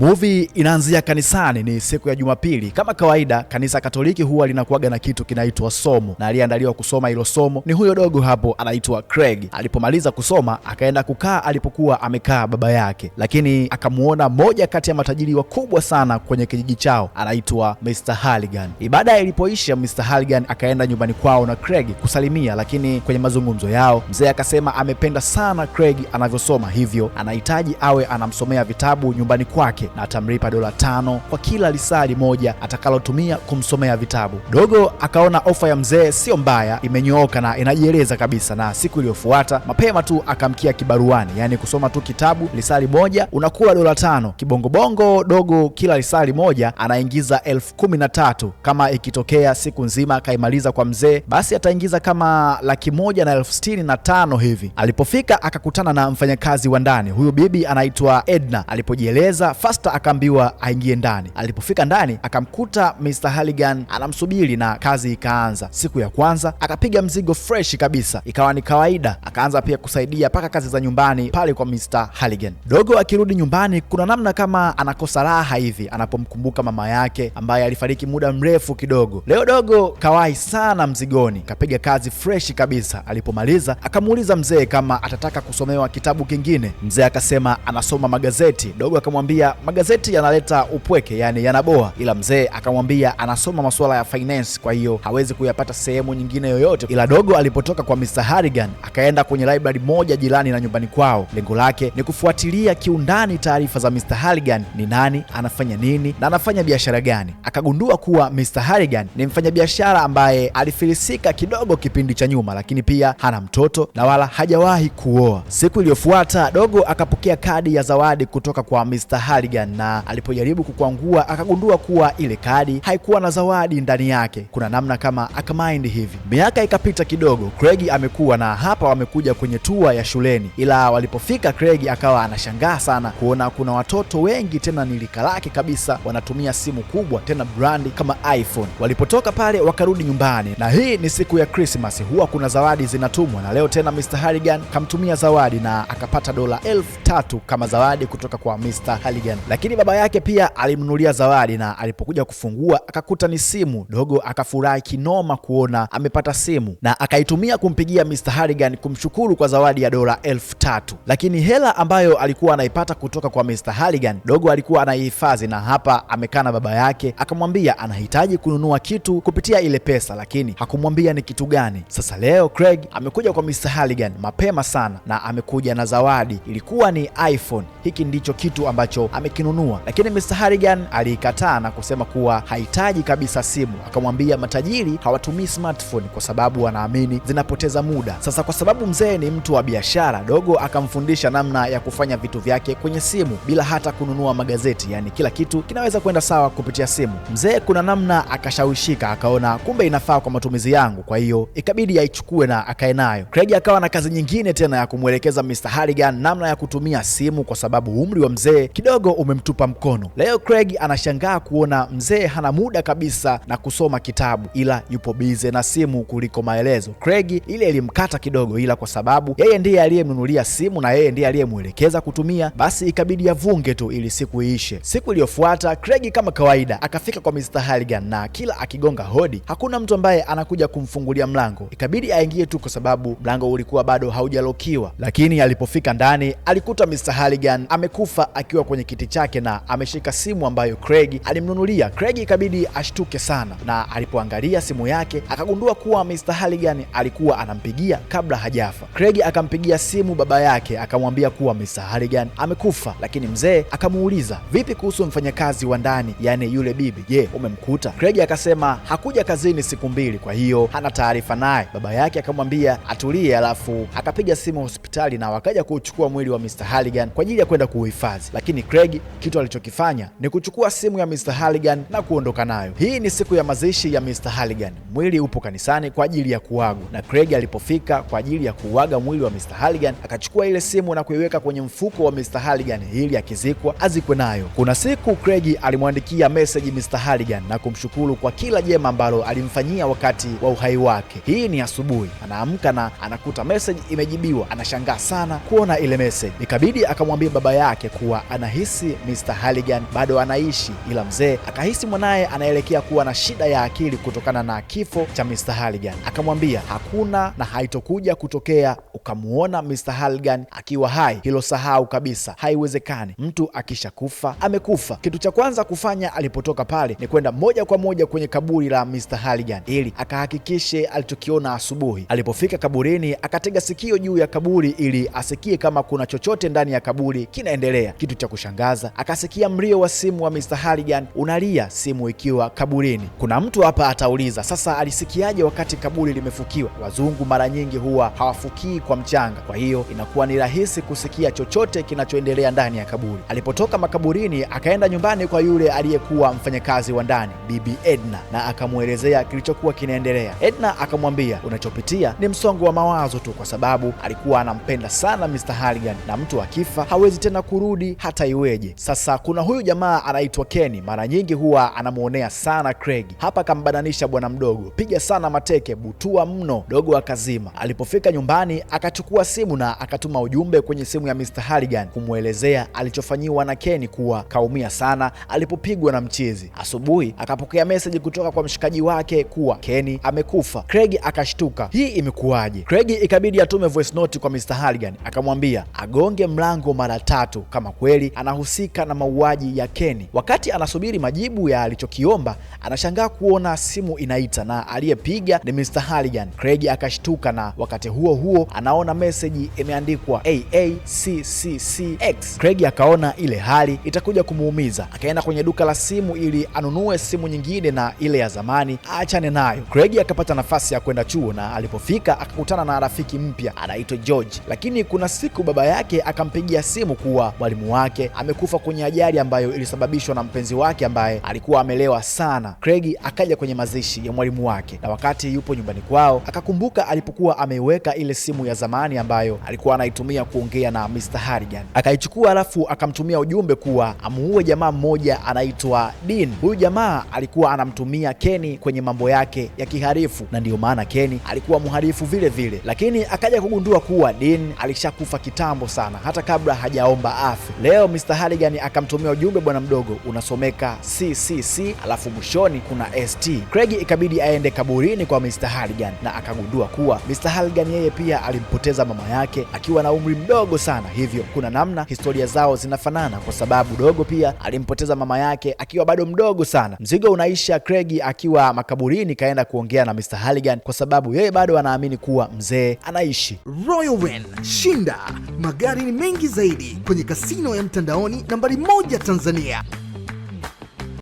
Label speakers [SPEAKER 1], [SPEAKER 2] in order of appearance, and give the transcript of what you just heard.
[SPEAKER 1] Movie inaanzia kanisani. Ni siku ya Jumapili kama kawaida, kanisa Katoliki huwa linakuwaga na kitu kinaitwa somo, na aliyeandaliwa kusoma hilo somo ni huyo dogo hapo anaitwa Craig. Alipomaliza kusoma, akaenda kukaa alipokuwa amekaa baba yake, lakini akamuona moja kati ya matajiri wakubwa sana kwenye kijiji chao anaitwa Mr. Halligan. Ibada ilipoisha, Mr. Halligan akaenda nyumbani kwao na Craig kusalimia, lakini kwenye mazungumzo yao mzee akasema amependa sana Craig anavyosoma, hivyo anahitaji awe anamsomea vitabu nyumbani kwake na atamlipa dola tano kwa kila lisali moja atakalotumia kumsomea vitabu. Dogo akaona ofa ya mzee sio mbaya, imenyooka na inajieleza kabisa, na siku iliyofuata mapema tu akamkia kibaruani, yaani kusoma tu kitabu lisali moja unakuwa dola tano. Kibongobongo dogo kila lisali moja anaingiza elfu kumi na tatu. Kama ikitokea siku nzima akaimaliza kwa mzee, basi ataingiza kama laki moja na elfu sitini na tano hivi. Alipofika akakutana na mfanyakazi wa ndani, huyu bibi anaitwa Edna. Alipojieleza Buster akaambiwa aingie ndani. Alipofika ndani, akamkuta Mr. Halligan anamsubiri na kazi ikaanza. Siku ya kwanza akapiga mzigo fresh kabisa, ikawa ni kawaida. Akaanza pia kusaidia mpaka kazi za nyumbani pale kwa Mr. Halligan. Dogo akirudi nyumbani, kuna namna kama anakosa raha hivi anapomkumbuka mama yake ambaye alifariki muda mrefu kidogo. Leo dogo kawahi sana mzigoni, kapiga kazi fresh kabisa. Alipomaliza akamuuliza mzee kama atataka kusomewa kitabu kingine. Mzee akasema anasoma magazeti. Dogo akamwambia magazeti yanaleta upweke, yani yanaboa, ila mzee akamwambia anasoma masuala ya finance, kwa hiyo hawezi kuyapata sehemu nyingine yoyote. Ila dogo alipotoka kwa Mr. Harrigan akaenda kwenye library moja jirani na nyumbani kwao. Lengo lake ni kufuatilia kiundani taarifa za Mr. Harrigan, ni nani, anafanya nini na anafanya biashara gani. Akagundua kuwa Mr. Harrigan ni mfanyabiashara ambaye alifilisika kidogo kipindi cha nyuma, lakini pia hana mtoto na wala hajawahi kuoa. Siku iliyofuata dogo akapokea kadi ya zawadi kutoka kwa Mr. Harrigan Morgan, na alipojaribu kukwangua akagundua kuwa ile kadi haikuwa na zawadi ndani yake. Kuna namna kama akamind hivi. Miaka ikapita kidogo, Craig amekuwa na hapa wamekuja kwenye tua ya shuleni, ila walipofika Craig akawa anashangaa sana kuona kuna watoto wengi tena ni lika lake kabisa wanatumia simu kubwa tena brandi kama iPhone. Walipotoka pale wakarudi nyumbani, na hii ni siku ya Christmas, huwa kuna zawadi zinatumwa, na leo tena Mr. Harrigan kamtumia zawadi na akapata dola elfu tatu kama zawadi kutoka kwa Mr. Harrigan. Lakini baba yake pia alimnunulia zawadi, na alipokuja kufungua akakuta ni simu. Dogo akafurahi kinoma kuona amepata simu na akaitumia kumpigia Mr. Harrigan kumshukuru kwa zawadi ya dola elfu tatu. Lakini hela ambayo alikuwa anaipata kutoka kwa Mr. Harrigan, dogo alikuwa anaihifadhi, na hapa amekaa na baba yake akamwambia anahitaji kununua kitu kupitia ile pesa, lakini hakumwambia ni kitu gani. Sasa leo Craig amekuja kwa Mr. Harrigan mapema sana na amekuja na zawadi, ilikuwa ni iPhone. Hiki ndicho kitu ambacho ame amekinunua, lakini Mr Harrigan aliikataa na kusema kuwa hahitaji kabisa simu. Akamwambia matajiri hawatumii smartphone kwa sababu wanaamini zinapoteza muda. Sasa kwa sababu mzee ni mtu wa biashara, dogo akamfundisha namna ya kufanya vitu vyake kwenye simu bila hata kununua magazeti, yaani kila kitu kinaweza kwenda sawa kupitia simu. Mzee kuna namna akashawishika, akaona kumbe inafaa kwa matumizi yangu, kwa hiyo ikabidi aichukue na akae nayo. Craig akawa na kazi nyingine tena ya kumwelekeza Mr Harrigan namna ya kutumia simu kwa sababu umri wa mzee kidogo umemtupa mkono. Leo Craig anashangaa kuona mzee hana muda kabisa na kusoma kitabu, ila yupo bize na simu kuliko maelezo. Craig ile ilimkata kidogo, ila kwa sababu yeye ndiye aliyemnunulia simu na yeye ndiye aliyemwelekeza kutumia, basi ikabidi avunge tu ili siku iishe. Siku iliyofuata Craig kama kawaida akafika kwa Mr. haligan na kila akigonga hodi hakuna mtu ambaye anakuja kumfungulia mlango, ikabidi aingie tu kwa sababu mlango ulikuwa bado haujalokiwa. Lakini alipofika ndani alikuta Mr. haligan amekufa akiwa kwenye kiti chake na ameshika simu ambayo Craig alimnunulia. Craig ikabidi ashtuke sana, na alipoangalia simu yake akagundua kuwa Mr. Halligan alikuwa anampigia kabla hajafa. Craig akampigia simu baba yake akamwambia kuwa Mr. Halligan amekufa, lakini mzee akamuuliza vipi kuhusu mfanyakazi wa ndani, yani yule bibi, je, umemkuta? Craig akasema hakuja kazini siku mbili, kwa hiyo hana taarifa naye. Baba yake akamwambia atulie, alafu akapiga simu hospitali na wakaja kuchukua mwili wa Mr. Halligan kwa ajili ya kwenda kuuhifadhi, lakini Craig mchezaji, kitu alichokifanya ni kuchukua simu ya Mr. Halligan na kuondoka nayo. Hii ni siku ya mazishi ya Mr. Halligan. Mwili upo kanisani kwa ajili ya kuagwa, na Craig alipofika kwa ajili ya kuuaga mwili wa Mr. Halligan akachukua ile simu na kuiweka kwenye mfuko wa Mr. Halligan ili akizikwa azikwe nayo. Kuna siku Craig alimwandikia meseji Mr. Halligan na kumshukuru kwa kila jema ambalo alimfanyia wakati wa uhai wake. Hii ni asubuhi, anaamka na anakuta meseji imejibiwa. Anashangaa sana kuona ile meseji, ikabidi akamwambia baba yake kuwa anahisi basi Mr Halligan bado anaishi, ila mzee akahisi mwanaye anaelekea kuwa na shida ya akili kutokana na kifo cha Mr Halligan. Akamwambia hakuna na haitokuja kutokea ukamuona Mr Halligan akiwa hai, hilo sahau kabisa, haiwezekani. Mtu akishakufa amekufa. Kitu cha kwanza kufanya alipotoka pale ni kwenda moja kwa moja kwenye kaburi la Mr Halligan ili akahakikishe alichokiona asubuhi. Alipofika kaburini, akatega sikio juu ya kaburi ili asikie kama kuna chochote ndani ya kaburi kinaendelea. Kitu cha kushangaza Gaza akasikia mlio wa simu wa Mr. Harrigan unalia, simu ikiwa kaburini. Kuna mtu hapa atauliza, sasa alisikiaje wakati kaburi limefukiwa? Wazungu mara nyingi huwa hawafukii kwa mchanga, kwa hiyo inakuwa ni rahisi kusikia chochote kinachoendelea ndani ya kaburi. Alipotoka makaburini, akaenda nyumbani kwa yule aliyekuwa mfanyakazi wa ndani, Bibi Edna, na akamwelezea kilichokuwa kinaendelea. Edna akamwambia, unachopitia ni msongo wa mawazo tu, kwa sababu alikuwa anampenda sana Mr. Harrigan, na mtu akifa hawezi tena kurudi hata iweje. Craig. Sasa kuna huyu jamaa anaitwa Kenny, mara nyingi huwa anamwonea sana Craig. Hapa kambadanisha bwana mdogo, piga sana mateke, butua mno. Dogo akazima. Alipofika nyumbani, akachukua simu na akatuma ujumbe kwenye simu ya Mr. Harrigan kumwelezea alichofanyiwa na Kenny, kuwa kaumia sana alipopigwa na mchizi. Asubuhi akapokea meseji kutoka kwa mshikaji wake kuwa Kenny amekufa. Craig akashtuka, hii imekuwaje? Craig ikabidi atume voice note kwa Mr. Harrigan, akamwambia agonge mlango mara tatu kama kweli anahusika kuhusika na mauaji ya Keni. Wakati anasubiri majibu ya alichokiomba, anashangaa kuona simu inaita na aliyepiga ni Mr. Halligan. Craig akashtuka, na wakati huo huo anaona meseji imeandikwa AACCCX. Craig akaona ile hali itakuja kumuumiza, akaenda kwenye duka la simu ili anunue simu nyingine na ile ya zamani aachane nayo. Craig akapata nafasi ya kwenda chuo na alipofika akakutana na rafiki mpya anaitwa George, lakini kuna siku baba yake akampigia simu kuwa mwalimu wake ame alikufa kwenye ajali ambayo ilisababishwa na mpenzi wake ambaye alikuwa amelewa sana. Craig akaja kwenye mazishi ya mwalimu wake, na wakati yupo nyumbani kwao akakumbuka alipokuwa ameiweka ile simu ya zamani ambayo alikuwa anaitumia kuongea na Mr. Harrigan. Akaichukua alafu akamtumia ujumbe kuwa amuue jamaa mmoja anaitwa Dean. Huyu jamaa alikuwa anamtumia Kenny kwenye mambo yake ya kiharifu, na ndiyo maana Kenny alikuwa mharifu vile vile, lakini akaja kugundua kuwa Dean alishakufa kitambo sana, hata kabla hajaomba afi. Leo Mr. Halligan akamtumia ujumbe, bwana mdogo, unasomeka CCC alafu mwishoni kuna ST. Craig ikabidi aende kaburini kwa Mr. Halligan na akagundua kuwa Mr. Halligan yeye pia alimpoteza mama yake akiwa na umri mdogo sana, hivyo kuna namna historia zao zinafanana kwa sababu dogo pia alimpoteza mama yake akiwa bado mdogo sana. Mzigo unaisha Craig akiwa makaburini, kaenda kuongea na Mr. Halligan kwa sababu yeye bado anaamini kuwa mzee anaishi.
[SPEAKER 2] Royal Win, shinda magari ni mengi zaidi kwenye kasino ya mtandaoni nambari moja Tanzania.